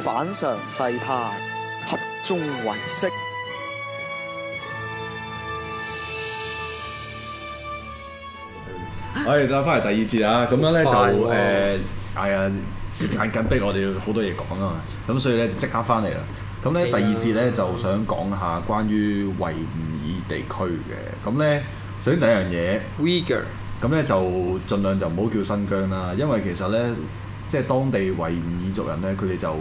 反常世態，合眾唯識。我哋得翻嚟第二節啊！咁 樣咧、哦、就誒、是，係、呃、啊，時間緊迫，我哋要好多嘢講啊嘛，咁所以咧就即刻翻嚟啦。咁咧 第二節咧就想講下關於維吾爾地區嘅。咁咧首先第一樣嘢，Uyghur。咁咧就盡量就唔好叫新疆啦，因為其實咧即係當地維吾爾族人咧，佢哋就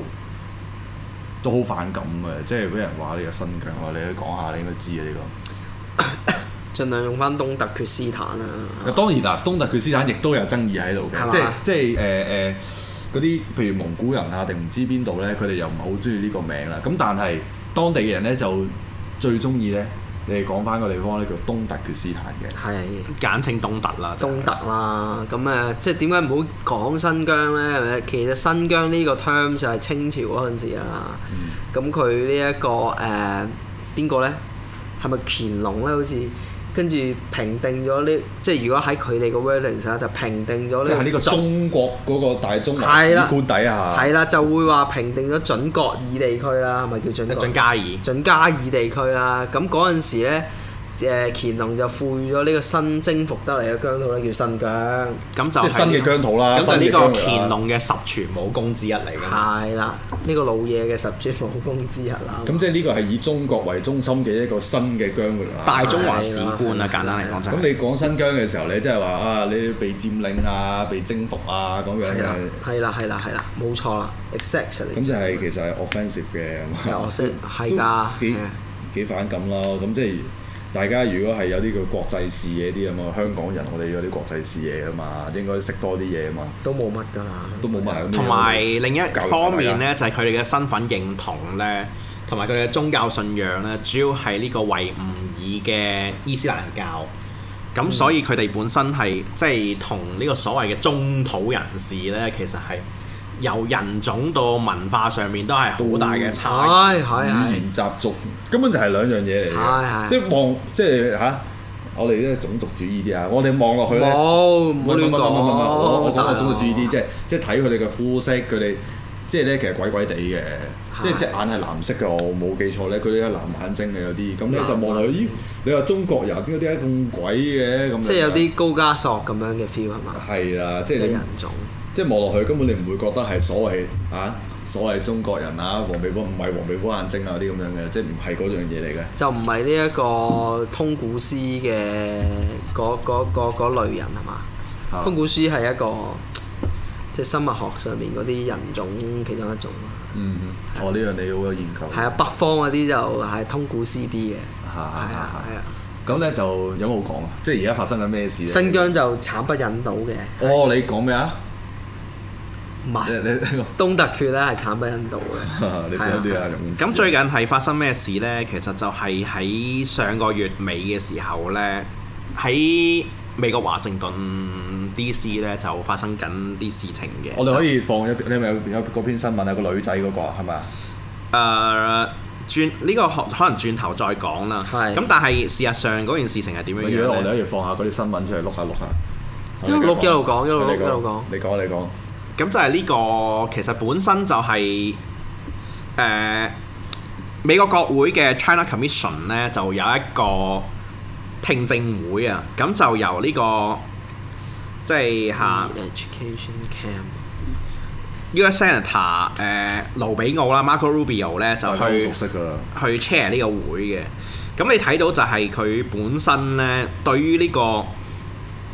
都好反感嘅，即係俾人話你係新疆啊！你，你去講下，你應該知啊！呢個 盡量用翻東特厥斯坦啦。啊，當然啦，東突厥斯坦亦都有爭議喺度嘅，即係即係誒誒嗰啲，譬如蒙古人啊，定唔知邊度咧，佢哋又唔係好中意呢個名啦。咁但係當地嘅人咧就最中意咧。你哋講翻個地方咧，叫東特厥斯坦嘅，係的簡稱東特啦。東特啦，咁誒、嗯，即係點解唔好講新疆咧？係咪？其實新疆呢個 term 就係清朝嗰陣時啦。咁佢、嗯這個呃、呢一個誒邊個咧？係咪乾隆咧？好似？跟住評定咗呢，即係如果喺佢哋嘅 reading 上就評定咗呢、呢個，即個中國嗰個大中文史觀底下，係啦，就會話評定咗準國爾地區啦，係咪叫準？一準加爾，準加爾地區啦，咁嗰陣時咧。誒乾隆就賦予咗呢個新征服得嚟嘅疆土咧，叫新疆，咁就即係新嘅疆土啦。咁呢個乾隆嘅十全武功之一嚟嘅。係啦，呢、這個老嘢嘅十全武功之一啦。咁即係呢個係以中國為中心嘅一個新嘅疆土啦。大中華史觀啊，簡單嚟講。咁、就是、你講新疆嘅時候，你即係話啊，你被佔領啊，被征服啊，咁樣嘅。係啦，係啦，係啦，冇錯啦，except 咁即係其實係 offensive 嘅。係，我識係㗎，幾幾反感啦。咁即係。大家如果係有啲叫國際視野啲咁嘛，香港人我哋有啲國際視野啊嘛，應該食多啲嘢啊嘛。都冇乜㗎啦。都冇乜。同埋有有另一方面咧，育就係佢哋嘅身份認同咧，同埋佢哋嘅宗教信仰咧，主要係呢個維吾爾嘅伊斯蘭教。咁所以佢哋本身係即係同呢個所謂嘅中土人士咧，其實係，由人種到文化上面都係好大嘅差異，語言、習俗根本就係兩樣嘢嚟嘅。即係望即係吓，我哋咧種族主義啲啊！我哋望落去咧，唔好亂講。我我講種族主義啲，即係即係睇佢哋嘅膚色，佢哋即係咧其實鬼鬼地嘅，即係隻眼係藍色嘅。我冇記錯咧，佢哋係藍眼睛嘅有啲。咁咧就望落去，咦？你話中國人點解點解咁鬼嘅咁？即係有啲高加索咁樣嘅 feel 係嘛？係啊，即係人種。即係望落去，根本你唔會覺得係所謂啊，所謂中國人啊，黃皮膚唔係黃皮膚眼睛啊，啲咁樣嘅，即係唔係嗰樣嘢嚟嘅。就唔係呢一個通古斯嘅嗰類人係嘛？通古斯係一個即係生物學上面嗰啲人種其中一種。嗯哼，哦呢樣你好有研究。係啊，北方嗰啲就係通古斯啲嘅。係係係。咁咧就有冇好講啊？即係而家發生緊咩事咧？新疆就慘不忍睹嘅。哦，你講咩啊？唔係，東突厥咧係慘不忍睹嘅。你少啲啊，容。咁最近係發生咩事咧？其實就係喺上個月尾嘅時候咧，喺美國華盛頓 D.C. 咧就發生緊啲事情嘅。我哋可以放一，你咪有嗰篇新聞啊，個女仔嗰個係咪啊？誒，轉呢個可能轉頭再講啦。咁但係事實上嗰件事情係點樣？不如我哋可以放下嗰啲新聞出嚟，碌下碌下。一路一路講，一路一路講。你講，你講。咁就係呢、這個其實本身就係、是、誒、呃、美國國會嘅 China Commission 咧，就有一個聽證會、這個就是、啊。咁就由呢個即係下。U.S. Senator 誒魯比奧啦，Marco Rubio 咧就去熟悉去 Chair 呢個會嘅。咁你睇到就係佢本身咧對於呢、這個。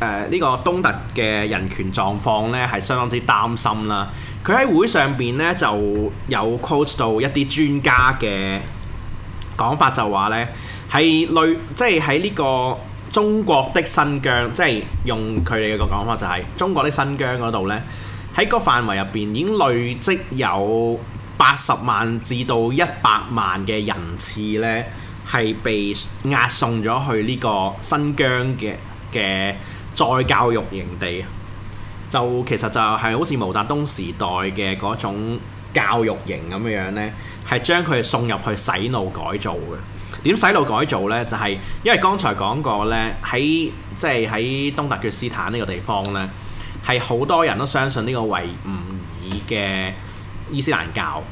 誒呢、呃，這個東突嘅人權狀況呢，係相當之擔心啦。佢喺會上邊呢，就有 quote 到一啲專家嘅講法就，就話呢係累即係喺呢個中國的新疆，即係用佢哋嘅講法就係、是、中國的新疆嗰度呢。喺個範圍入邊已經累積有八十萬至到一百萬嘅人次呢，係被押送咗去呢個新疆嘅嘅。再教育營地就其實就係好似毛澤東時代嘅嗰種教育營咁樣呢，咧，係將佢送入去洗腦改造嘅。點洗腦改造呢？就係、是、因為剛才講過呢喺即係喺東突厥斯坦呢個地方呢，係好多人都相信呢個維吾爾嘅伊斯蘭教。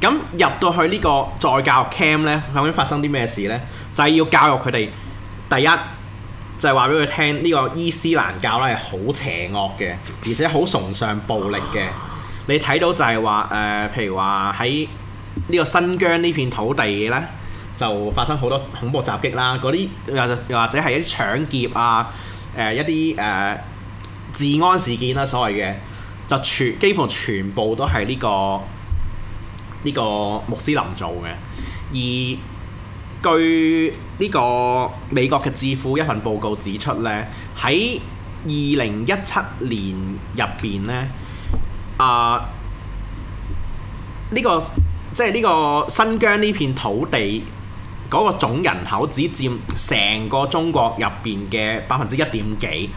咁入到去呢個再教育 camp 咧，究竟發生啲咩事呢？就係、是、要教育佢哋第一。就係話俾佢聽，呢個伊斯蘭教咧係好邪惡嘅，而且好崇尚暴力嘅。你睇到就係話誒，譬如話喺呢個新疆呢片土地咧，就發生好多恐怖襲擊啦，嗰啲又又或者係一啲搶劫啊，誒、呃、一啲誒、呃、治安事件啦、啊，所謂嘅就全幾乎全部都係呢個呢個穆斯林做嘅，而。據呢個美國嘅智庫一份報告指出呢，喺二零一七年入邊咧，啊呢、這個即係呢個新疆呢片土地嗰個總人口只佔成個中國入邊嘅百分之一點幾，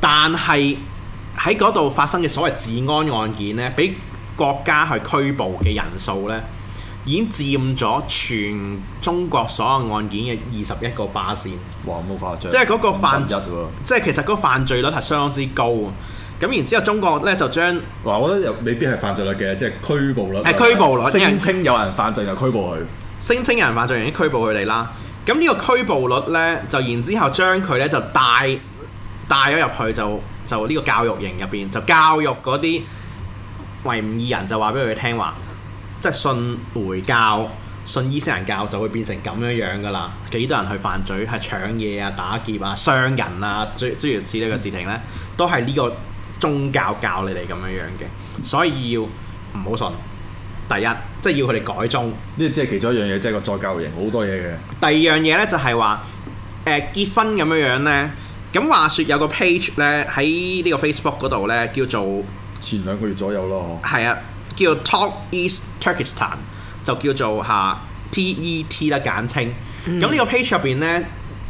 但係喺嗰度發生嘅所謂治安案件呢，俾國家去拘捕嘅人數呢。已經佔咗全中國所有案件嘅二十一個巴仙。哇！冇犯即係嗰個犯即係其實嗰犯罪率係相當之高。咁然之後，中國咧就將哇，我覺得又未必係犯罪率嘅，即係拘捕率。係拘捕率，聲稱有人犯罪就拘捕佢，聲稱有人犯罪就拘捕佢哋啦。咁呢個拘捕率咧，就然之後將佢咧就帶帶咗入去就就呢個教育營入邊，就教育嗰啲維吾爾人就，就話俾佢聽話。即係信回教、信伊斯蘭教，就會變成咁樣樣噶啦。幾多人去犯罪，係搶嘢啊、打劫啊、傷人啊，諸，諸如此類嘅事情呢，都係呢個宗教教你哋咁樣樣嘅，所以要唔好信。第一，即係要佢哋改宗。呢即係其中一樣嘢，即係個再教型好多嘢嘅。第二樣嘢呢，就係話，誒結婚咁樣樣呢。咁話說有個 page 呢，喺呢個 Facebook 嗰度呢，叫做前兩個月左右咯，係啊。叫 Talk East Turkestan 就叫做吓、啊、TET 啦簡稱。咁呢、嗯、個 page 入邊咧，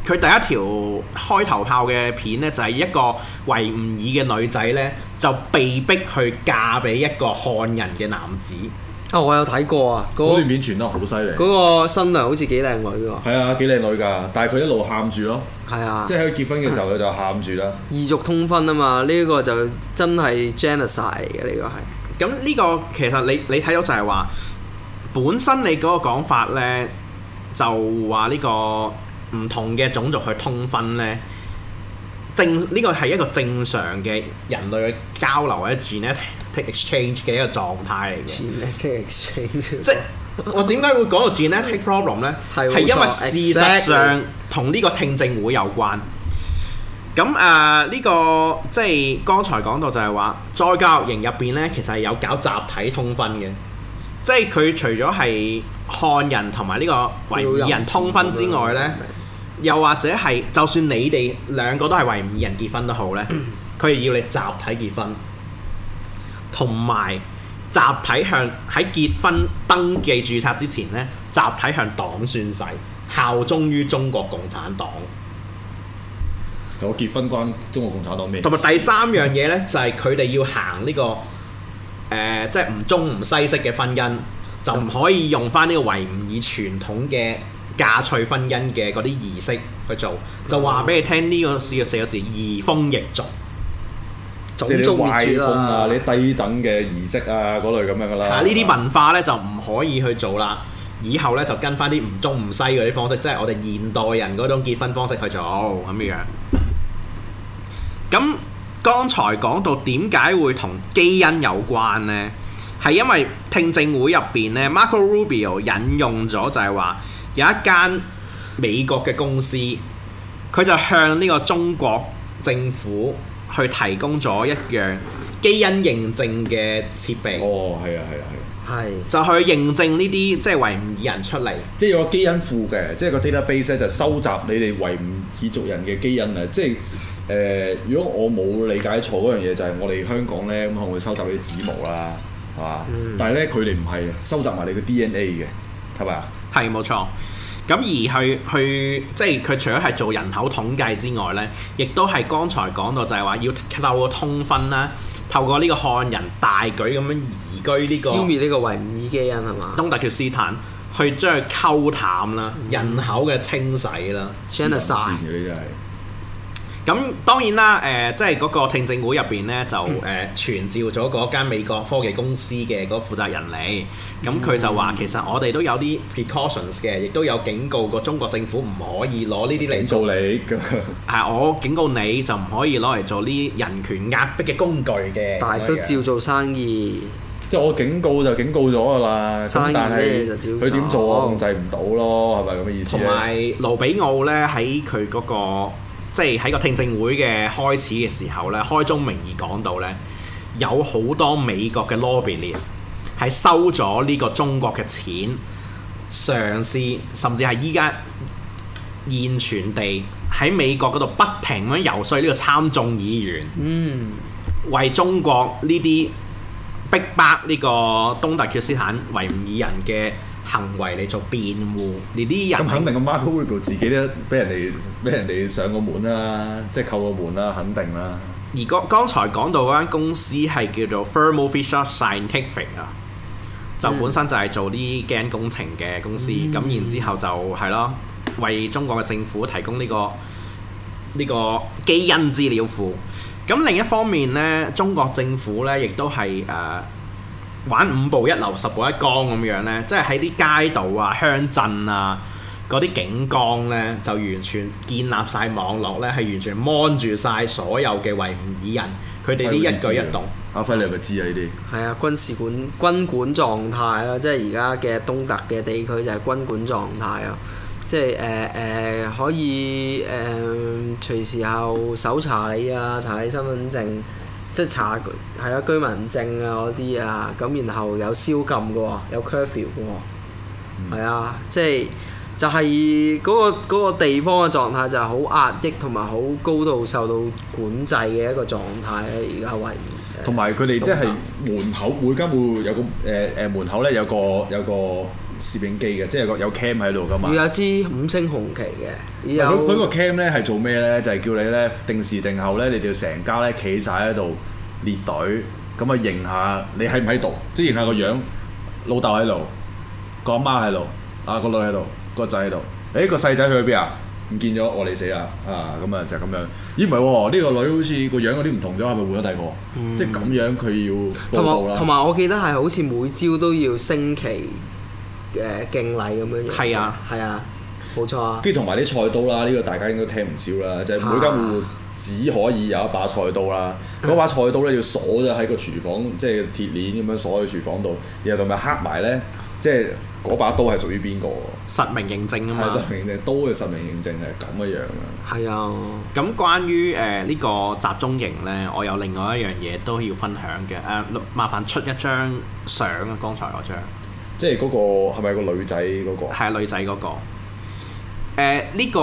佢第一條開頭炮嘅片咧就係、是、一個維吾爾嘅女仔咧就被逼去嫁俾一個漢人嘅男子。啊、哦，我有睇過啊，嗰、那個、段片傳得好犀利。嗰個新娘好似幾靚女㗎。係啊，幾靚女㗎，但係佢一路喊住咯。係啊，即係佢結婚嘅時候，佢就喊住啦。異族通婚啊嘛，呢、這個就真係 genocide 嘅呢個係。咁呢個其實你你睇到就係話，本身你嗰個講法咧，就話呢個唔同嘅種族去通婚咧，正呢個係一個正常嘅人類去交流或者 genetic exchange 嘅一個狀態嚟嘅。Genetic exchange, 即係我點解會講到 genetic problem 咧？係 因為事實上同呢個聽證會有關。咁誒呢個即係剛才講到就係話，再教育營入邊呢，其實係有搞集體通婚嘅，即係佢除咗係漢人同埋呢個維吾爾人通婚之外呢，又或者係 就算你哋兩個都係維吾爾人結婚都好呢，佢係要你集體結婚，同埋集體向喺結婚登記註冊之前呢，集體向黨宣誓，效忠於中國共產黨。我結婚關中國共產黨咩？同埋第三樣嘢咧，就係佢哋要行呢、這個誒、呃，即係唔中唔西式嘅婚姻，就唔可以用翻呢個維吾爾傳統嘅嫁娶婚姻嘅嗰啲儀式去做，就話俾你聽呢個四個四個字：移風易俗，即係啲歪風啊，啊你低等嘅儀式啊，嗰類咁樣噶啦。呢啲文化咧吧就唔可以去做啦。以後咧就跟翻啲唔中唔西嗰啲方式，即係我哋現代人嗰種結婚方式去做咁樣。咁剛才講到點解會同基因有關呢？係因為聽證會入邊呢，Marco Rubio 引用咗就係話有一間美國嘅公司，佢就向呢個中國政府去提供咗一樣基因認證嘅設備。哦，係啊，係啊，係啊。係是就去認證呢啲即係維吾爾人出嚟，即係有個基因庫嘅，即係個 database 就收集你哋維吾爾族人嘅基因啊，即係。誒，如果我冇理解錯嗰樣嘢，就係、是、我哋香港咧，咁佢會會收集啲指模啦，係嘛？嗯、但係咧，佢哋唔係收集埋你嘅 DNA 嘅，係咪啊？係冇錯。咁而去，去，即係佢除咗係做人口統計之外咧，亦都係剛才講到就係話要透過通婚啦，透過呢個漢人大舉咁樣移居呢個，消滅呢個維吾爾基因係嘛？東突厥斯坦去將佢溝淡啦，人口嘅清洗啦，genocide。咁當然啦，誒，即係嗰個聽證會入邊咧，就誒傳召咗嗰間美國科技公司嘅嗰負責人嚟。咁佢就話：其實我哋都有啲 precautions 嘅，亦都有警告過中國政府唔可以攞呢啲嚟做。警告你㗎，係我警告你就唔可以攞嚟做呢人權壓迫嘅工具嘅。但係都照做生意。即係我警告就警告咗㗎啦。生意咧就照做。佢點做我控制唔到咯，係咪咁嘅意思？同埋盧比奧咧喺佢嗰個。即係喺個聽證會嘅開始嘅時候呢，開宗明義講到呢，有好多美國嘅 lobbyist 係收咗呢個中國嘅錢，嘗試甚至係依家現存地喺美國嗰度不停咁游說呢個參眾議員，嗯，為中國呢啲逼迫呢個東突厥斯坦維吾爾人嘅行為嚟做辯護，你啲人咁肯定。個 Marco Rubio 自己都俾人哋俾人哋上個門啦，即係扣個門啦，肯定啦。而剛剛才講到嗰間公司係叫做 Thermo Fisher Scientific 啊，就本身就係做基因工程嘅公司，咁、嗯、然之後就係咯，為中國嘅政府提供呢、呢個呢、呢個基因資料庫。咁另一方面呢，中國政府呢亦都係誒。呃玩五步一樓，十步一崗。咁樣呢，即係喺啲街道啊、鄉鎮啊嗰啲警崗呢，就完全建立晒網絡呢，係完全 mon 住晒所有嘅維吾爾人佢哋啲一舉一動。阿輝，你咪知啊？呢啲係啊，軍事管軍管狀態啦，即係而家嘅東突嘅地區就係軍管狀態啊。即係誒誒可以誒、呃、隨時候搜查你啊，查你身份證。即係查係啊，居民證啊嗰啲啊，咁然後有宵禁嘅喎，有 curfew 嘅喎，係啊，即係就係嗰個嗰個地方嘅狀態就係好壓抑同埋好高度受到管制嘅一個狀態咧，而家為同埋佢哋即係門口每間會有個誒誒、呃、門口咧有個有個。有個攝影機嘅，即係個有 cam 喺度噶嘛。有支五星紅旗嘅。佢個 cam 咧係做咩咧？就係、是、叫你咧定時定候咧，你哋成家咧企晒喺度列隊，咁啊認下你喺唔喺度？嗯、即係認下個樣，老豆喺度，個阿媽喺度，啊個女喺度，個仔喺度。誒、欸、個細仔去咗邊啊？唔見咗，我哋死啊！啊咁啊就係咁樣。咦唔係喎？呢、喔這個女好似個樣有啲唔同咗，係咪換咗第個？嗯、即係咁樣佢要。同埋同埋，我記得係好似每朝都要升旗。誒敬禮咁樣嘢，係啊係啊，冇錯啊。跟住同埋啲菜刀啦，呢個大家應該聽唔少啦，就係每間戶戶只可以有一把菜刀啦。嗰把菜刀咧要鎖咗喺個， 個廚房，即係鐵鏈咁樣鎖喺廚房度。然後同埋刻埋咧，即係嗰把刀係屬於邊個？實名認證啊嘛，實名認證，刀嘅實名認證係咁嘅樣啊。係啊，咁關於誒呢個集中營咧，我有另外一樣嘢都要分享嘅。誒、呃，麻煩出一張相啊，剛才嗰張。即係嗰個係咪個女仔嗰個？係女仔嗰個。誒呢個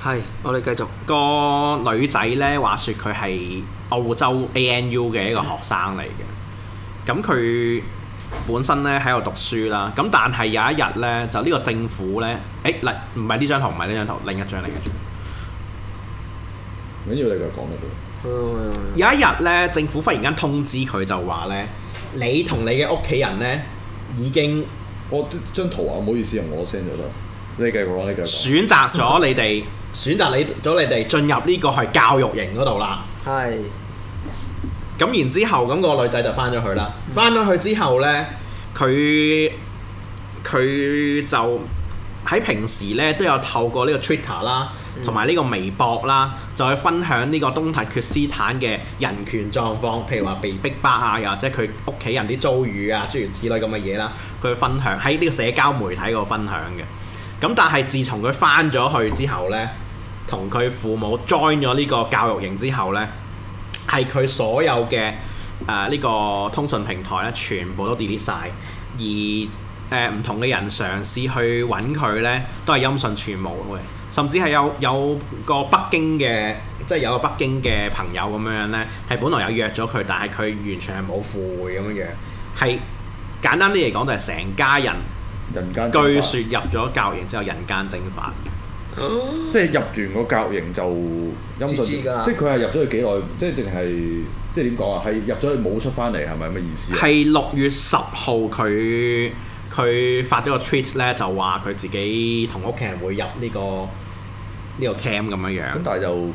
係我哋繼續個女仔咧。話說佢係澳洲 A N U 嘅一個學生嚟嘅。咁佢本身咧喺度讀書啦。咁但係有一日咧，就呢個政府咧，誒嗱，唔係呢張圖，唔係呢張圖，另一張嚟嘅。另一張。唔緊要，你繼續講咪得。有一日咧，政府忽然間通知佢就話咧。你同你嘅屋企人呢，已經，我張圖啊，唔好意思啊，我 send 咗啦。你繼續你繼續講。選擇咗你哋， 選擇你咗你哋進入呢個係教育營嗰度啦。係。咁然之後，咁個女仔就翻咗去啦。翻咗、嗯、去之後呢，佢佢就喺平時呢，都有透過呢個 Twitter 啦。同埋呢個微博啦，就去分享呢個東突厥斯坦嘅人權狀況，譬如話被逼巴啊，又或者佢屋企人啲遭遇啊，諸如此類咁嘅嘢啦，佢去分享喺呢個社交媒體度分享嘅。咁但係自從佢翻咗去之後呢，同佢父母 join 咗呢個教育營之後呢，係佢所有嘅誒呢個通訊平台咧，全部都 delete 晒。而誒唔同嘅人嘗試去揾佢呢，都係音訊全無嘅。甚至係有有個北京嘅，即係有個北京嘅朋友咁樣樣咧，係本來有約咗佢，但係佢完全係冇赴會咁樣樣。係簡單啲嚟講，就係成家人，人間據說入咗教營之後，人間蒸發，嗯、即係入完個教營就音信。即係佢係入咗去幾耐？即係直情係即係點講啊？係入咗去冇出翻嚟，係咪咁嘅意思啊？係六月十號佢。佢發咗個 tweet 咧，就話佢自己同屋企人會入呢個呢個 camp 咁樣樣，咁但係就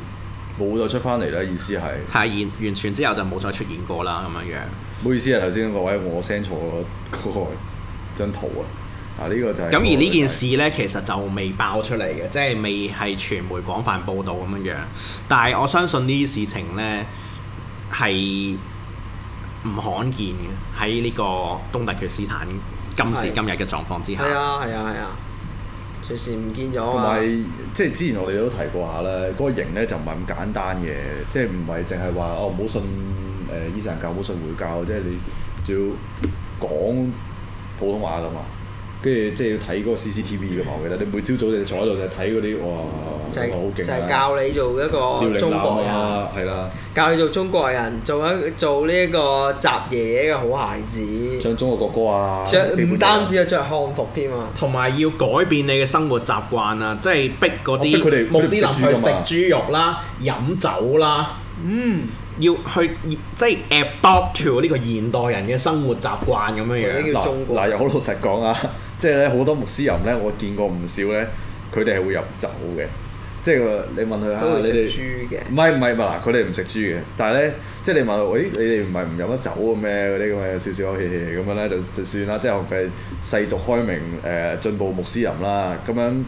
冇再出翻嚟咧。意思係係完完全之後就冇再出現過啦咁樣樣。唔好意思啊，頭先個位我 send 錯嗰個張圖啊。啊，呢個就咁，而呢件事咧，其實就未爆出嚟嘅，即係未係傳媒廣泛報道咁樣樣。但係我相信呢啲事情咧係唔罕見嘅喺呢個東突厥斯坦，今時今日嘅狀況之下，啊，係啊係啊係啊，隨時唔見咗啊。同埋即係之前我哋都提過下咧，嗰個型咧就唔係咁簡單嘅，即係唔係淨係話哦，唔好信誒伊斯蘭教，唔好信回教，即係你仲要講普通話噶嘛。跟住即係要睇嗰個 CCTV 嘅嘛，我記得你每朝早你就坐喺度就睇嗰啲哇，我好勁就係教你做一個中國人，係啦，教你做中國人，做一做呢一個習嘢嘅好孩子。唱中國國歌啊！著唔單止啊，着漢服添啊，同埋要改變你嘅生活習慣啊，即係逼嗰啲穆斯林去食豬肉啦、飲酒啦，嗯，要去即係 adopt to 呢個現代人嘅生活習慣咁樣樣。嗱嗱又好老實講啊！即係咧，好多穆斯林咧，我見過唔少咧，佢哋係會飲酒嘅。即係你問佢嚇們，你哋豬嘅，唔係唔係咪嗱？佢哋唔食豬嘅。但係咧，即係你問佢，誒你哋唔係唔飲得酒嘅咩？嗰啲咁嘅少少，嘻嘻咁樣咧，就就算啦。即係佢哋世俗開明誒、呃、進步穆斯林啦，咁樣。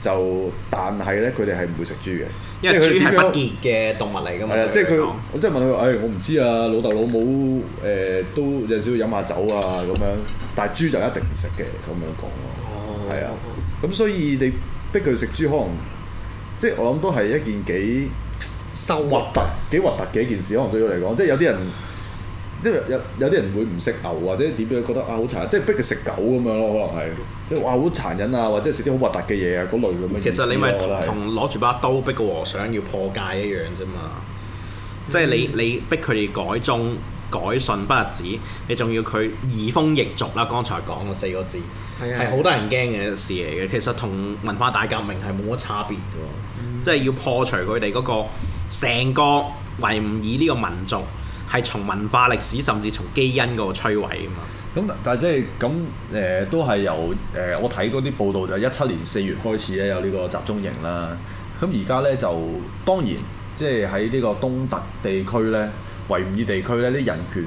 就但係咧，佢哋係唔會食豬嘅，因為豬係不潔嘅動物嚟㗎嘛。係的、哎、啊，即係佢，我即係問佢，誒，我唔知啊，老豆老母誒、呃、都有少少飲下酒啊咁樣，但係豬就一定唔食嘅咁樣講咯、哦的哦。哦，係啊，咁所以你逼佢食豬，可能即係我諗都係一件幾收核突、幾核突嘅一件事，可能對佢嚟講，即係有啲人。因為有有啲人會唔食牛或者點樣覺得啊好殘忍，即係逼佢食狗咁樣咯，可能係即係話好殘忍啊，或者食啲好核突嘅嘢啊嗰類咁樣。其實你咪同攞住把刀逼個和尚要破戒一樣啫嘛，即係你、嗯、你逼佢哋改宗改信不日子，你仲要佢移風易俗啦。剛才講嗰四個字係好多人驚嘅事嚟嘅，其實同文化大革命係冇乜差別嘅、嗯、即係要破除佢哋嗰個成個維吾爾呢個民族。係從文化歷史，甚至從基因嗰個摧毀啊嘛。咁但係即係咁誒，都係由誒、呃，我睇嗰啲報道就係一七年四月開始咧有呢個集中營啦。咁而家咧就當然即係喺呢個東突地區咧、維吾爾地區咧啲人權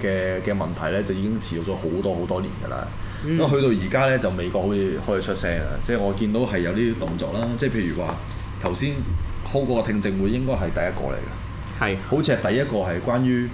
嘅嘅問題咧，就已經持續咗好多好多年㗎啦。咁去、嗯、到而家咧，就美國好似開始出聲啦。即、就、係、是、我見到係有呢啲動作啦。即、就、係、是、譬如話頭先開個聽證會，應該係第一個嚟㗎。係，好似係第一個，係關於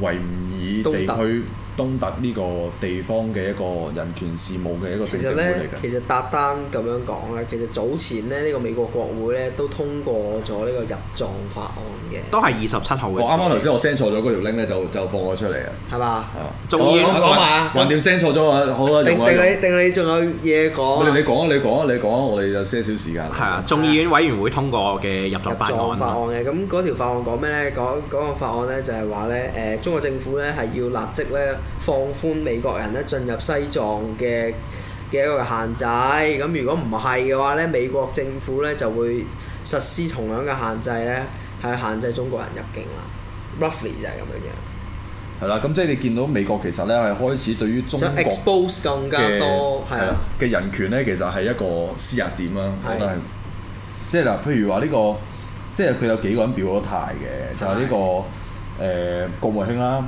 維吾爾地區。東突呢個地方嘅一個人權事務嘅一個推動會嚟嘅。其實咧，其實搭單咁樣講咧，其實早前咧呢個美國國會咧都通過咗呢個入藏法案嘅。都係二十七號嘅。我啱啱頭先我 send 錯咗嗰條 link 咧，就就放咗出嚟啊。係嘛？啊！眾議院講嘛，橫掂 send 錯咗啊，好啊！定定你定你仲有嘢講？我令你講啊，你講啊，你講啊，我哋有些少時間。係啊，眾議院委員會通過嘅入藏法案嘅。咁嗰條法案講咩咧？講嗰個法案咧就係話咧，誒中國政府咧係要立即咧。放寬美國人咧進入西藏嘅嘅一個限制，咁如果唔係嘅話咧，美國政府咧就會實施同樣嘅限制咧，係限制中國人入境啦。roughly 就係咁樣樣。係啦，咁即係你見到美國其實咧係開始對於中國、so、expose 更加多嘅啦嘅人權咧，其實係一個施壓點啦，的我覺得係。即係嗱，譬如話呢、這個，即係佢有幾個人表咗態嘅，就係、是、呢、這個誒的、呃、國務卿啦。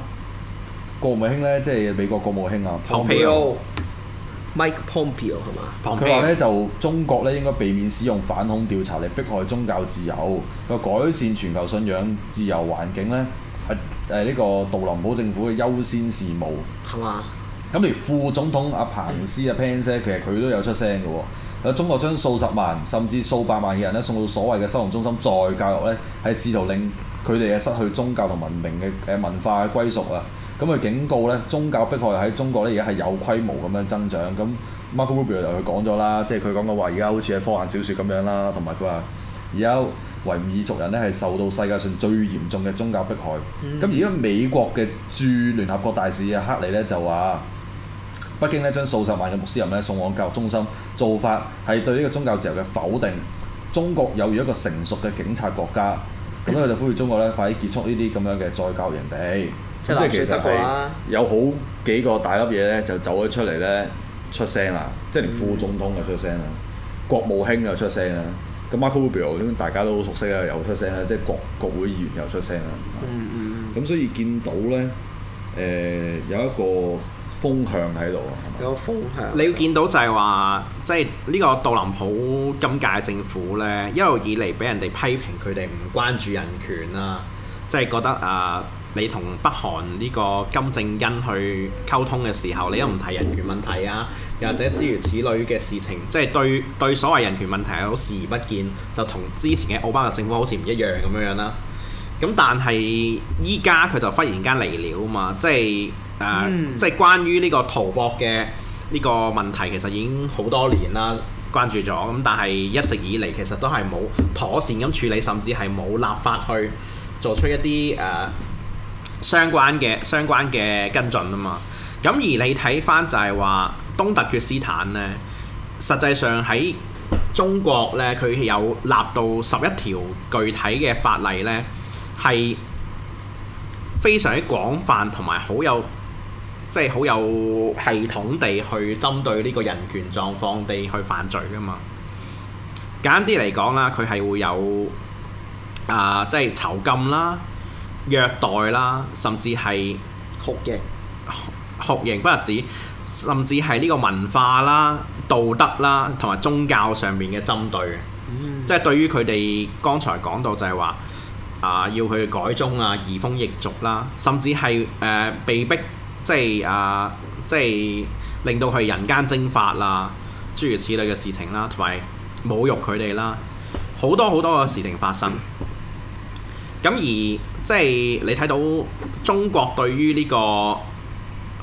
國務卿咧，即係美國國務卿啊，Pompeo，Mike Pompeo 係嘛？佢話咧，就中國咧應該避免使用反恐調查嚟迫害宗教自由，去改善全球信仰自由環境咧，係誒呢個杜林普政府嘅優先事務係嘛？咁吧，例如副總統阿、啊、彭斯阿 Pence、嗯、其實佢都有出聲嘅喎。中國將數十萬甚至數百萬嘅人咧送到所謂嘅收容中心，再教育咧，係試圖令佢哋嘅失去宗教同文明嘅誒文化嘅歸屬啊！咁佢警告咧，宗教迫害喺中國咧，而家係有規模咁樣增長。咁 Marco Rubio 又佢講咗啦，即係佢講嘅話，而家好似係科幻小説咁樣啦。同埋佢話，而家維吾爾族人咧係受到世界上最嚴重嘅宗教迫害。咁而家美國嘅駐聯合國大使克里咧就話，北京咧將數十萬嘅穆斯林咧送往教育中心，做法係對呢個宗教自由嘅否定。中國有如一個成熟嘅警察國家，咁佢就呼籲中國咧快啲結束呢啲咁樣嘅再教人哋。即係其實有好幾個大粒嘢咧，就走咗出嚟咧，出聲啦！即係連副總統又出聲啦，國務卿又出聲啦。咁 Marco Rubio 呢，io, 大家都好熟悉啊，又出聲啦！即係國國會議員又出聲啦。嗯嗯咁、嗯、所以見到咧，誒、呃、有一個風向喺度啊，有風向。你要見到就係話，即係呢個杜林普今屆政府咧，一路以嚟俾人哋批評佢哋唔關注人權啊，即、就、係、是、覺得啊。你同北韓呢個金正恩去溝通嘅時候，你都唔提人權問題啊，又或者諸如此類嘅事情，即係對對所謂人權問題好視而不見，就同之前嘅奧巴馬政府好似唔一樣咁樣樣、啊、啦。咁但係依家佢就忽然間嚟了嘛，即係誒，呃嗯、即係關於呢個圖博嘅呢個問題，其實已經好多年啦，關注咗咁，但係一直以嚟其實都係冇妥善咁處理，甚至係冇立法去做出一啲誒。呃相關嘅相關嘅跟進啊嘛，咁而你睇返就係話東突厥斯坦呢，實際上喺中國呢，佢有立到十一條具體嘅法例呢，係非常之廣泛同埋好有即係好有系統地去針對呢個人權狀況地去犯罪㗎嘛。簡單啲嚟講啦，佢係會有啊，即係囚禁啦。虐待啦，甚至係酷刑、酷刑不日子，甚至係呢個文化啦、道德啦，同埋宗教上面嘅針對、嗯、即係對於佢哋剛才講到就係話啊，要佢哋改宗啊、移風易俗啦、啊，甚至係誒、呃、被逼即係啊，即係令到佢人間蒸發啦、啊，諸如此類嘅事情啦、啊，同埋侮辱佢哋啦，好多好多嘅事情發生咁、嗯、而。即係你睇到中國對於呢個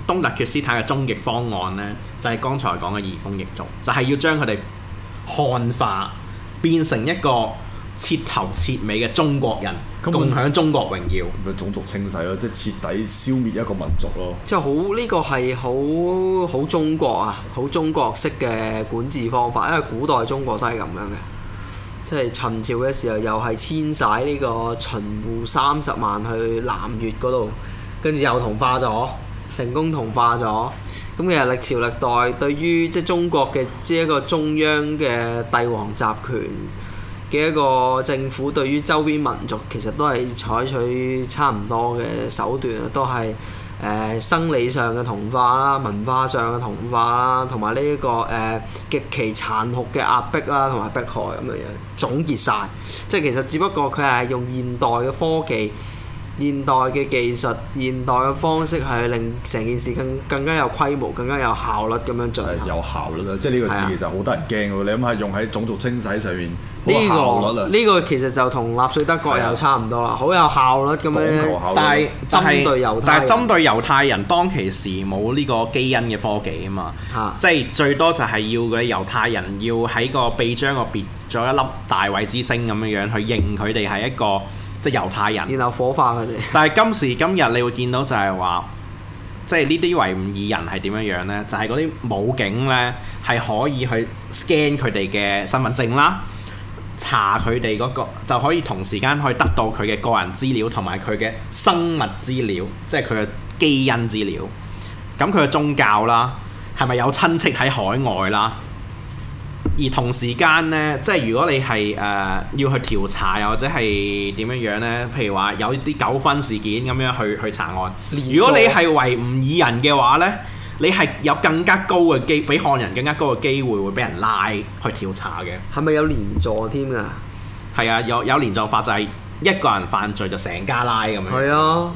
東突厥斯坦嘅終極方案呢，就係剛才講嘅移風易俗，就係要將佢哋漢化，變成一個徹頭徹尾嘅中國人，共享中國榮耀。咪種族清洗咯，即係徹底消滅一個民族咯。即係好呢個係好好中國啊，好中國式嘅管治方法，因為古代中國都係咁樣嘅。即係秦朝嘅時候，又係遷徙呢個秦戶三十萬去南越嗰度，跟住又同化咗，成功同化咗。咁其實歷朝歷代對於即係中國嘅即係一個中央嘅帝王集權嘅一個政府，對於周邊民族其實都係採取差唔多嘅手段，都係。誒、呃、生理上嘅同化啦，文化上嘅同化啦，同埋呢一個誒、呃、極其殘酷嘅壓迫啦，同埋迫害，咁樣樣總結晒，即係其實只不過佢係用現代嘅科技。現代嘅技術、現代嘅方式係令成件事更更加有規模、更加有效率咁樣進行。有效率啦，即係呢個字其實好得人驚喎。是的 你諗下用喺種族清洗上面，好有效率。呢個、呢個其實就同納粹德國又差唔多啦，好是的 有效率咁樣。但係針對猶太人，嗯、當其時冇呢個基因嘅科技啊嘛，啊即係最多就係要嗰啲猶太人要喺個臂章嗰邊做一粒大衞之星咁樣樣去認佢哋係一個。即係猶太人，然後火化佢哋。但係今時今日，你會見到就係話，即係呢啲維吾爾人係點樣樣呢？就係嗰啲武警呢，係可以去 scan 佢哋嘅身份證啦，查佢哋嗰個就可以同時間去得到佢嘅個人資料同埋佢嘅生物資料，即係佢嘅基因資料。咁佢嘅宗教啦，係咪有親戚喺海外啦？而同時間呢，即係如果你係誒、呃、要去調查又或者係點樣樣呢？譬如話有啲糾紛事件咁樣去去查案。連坐？如果你係維吾爾人嘅話呢，你係有更加高嘅機，比漢人更加高嘅機會會俾人拉去調查嘅。係咪有連坐添㗎？係啊，有有連坐法就係，一個人犯罪就成家拉咁樣。係啊。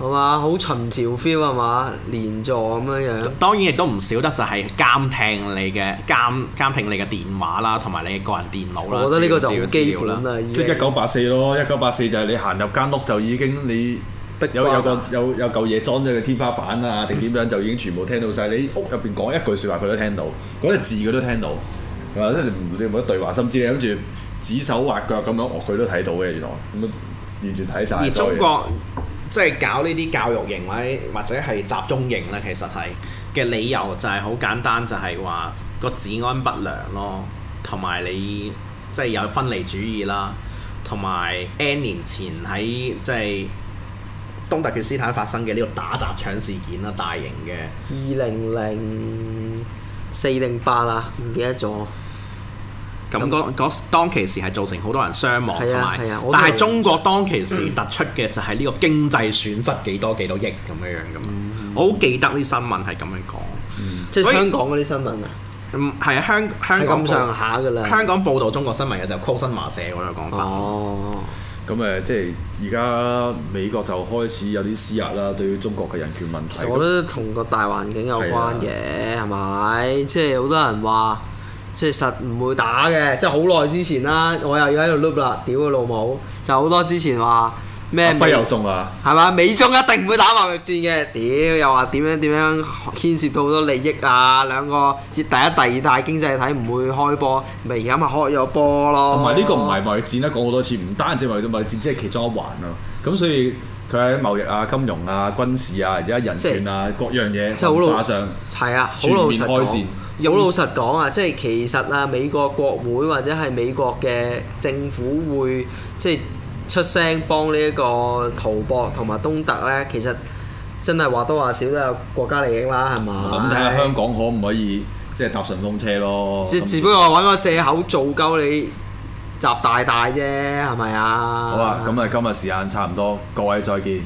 係嘛，好秦朝 feel 啊嘛，連坐咁樣樣。當然亦都唔少得就係監聽你嘅監監聽你嘅電話啦，同埋你嘅個人電腦啦。我覺得呢個就係要基本啦。即係一九八四咯，一九八四就係你行入間屋就已經你有有個有有嚿嘢裝咗喺天花板啦、啊，定點樣就已經全部聽到晒。 你屋入邊講一句説話佢都聽到，講、那、一、個、字佢都聽到。係、就、嘛、是，即係你冇得對話，甚至你諗住指手畫腳咁樣，佢都睇到嘅原來。咁啊，完全睇晒。而中國。即係搞呢啲教育營或者或者係集中營咧，其實係嘅理由就係好簡單，就係話個治安不良咯，同埋你即係有分離主義啦，同埋 N 年前喺即係東突厥斯坦發生嘅呢個打砸搶事件啦，大型嘅二零零四零八啦，唔記得咗。咁嗰當其時係造成好多人傷亡，同埋，但係中國當其時突出嘅就係呢個經濟損失幾多幾多億咁樣樣嘅。我好記得啲新聞係咁樣講，即係香港嗰啲新聞啊。嗯，係啊，香香咁上下㗎啦。香港報導中國新聞嘅時候，call 新華社我都講法。哦。咁誒，即係而家美國就開始有啲施壓啦，對於中國嘅人權問題。其實我覺得同個大環境有關嘅，係咪？即係好多人話。即實唔會打嘅，即係好耐之前啦，我又要喺度 loop 啦，屌個老母！就好多之前話咩？阿輝有中啊，係嘛？美中一定唔會打貿易戰嘅，屌又話點樣點樣牽涉到好多利益啊，兩個即第一第二大經濟體唔會開波，咪而家咪開咗波咯。同埋呢個唔係貿易戰啦，講好多次，唔單止貿易貿易戰，即係其中一環啊。咁所以佢喺貿易啊、金融啊、軍事啊，而家人權啊是各樣嘢即文化上，係啊，好全面開戰。有、嗯、老實講啊，即係其實啊，美國國會或者係美國嘅政府會即係出聲幫呢一個圖博同埋東特呢，其實真係話多話少都有國家利益啦，係嘛？咁睇下香港可唔可以即係搭順風車咯？只，只，只不過揾個藉口做鳩你習大大啫，係咪啊？好啊，咁、嗯、啊，嗯、今日時間差唔多，各位再見。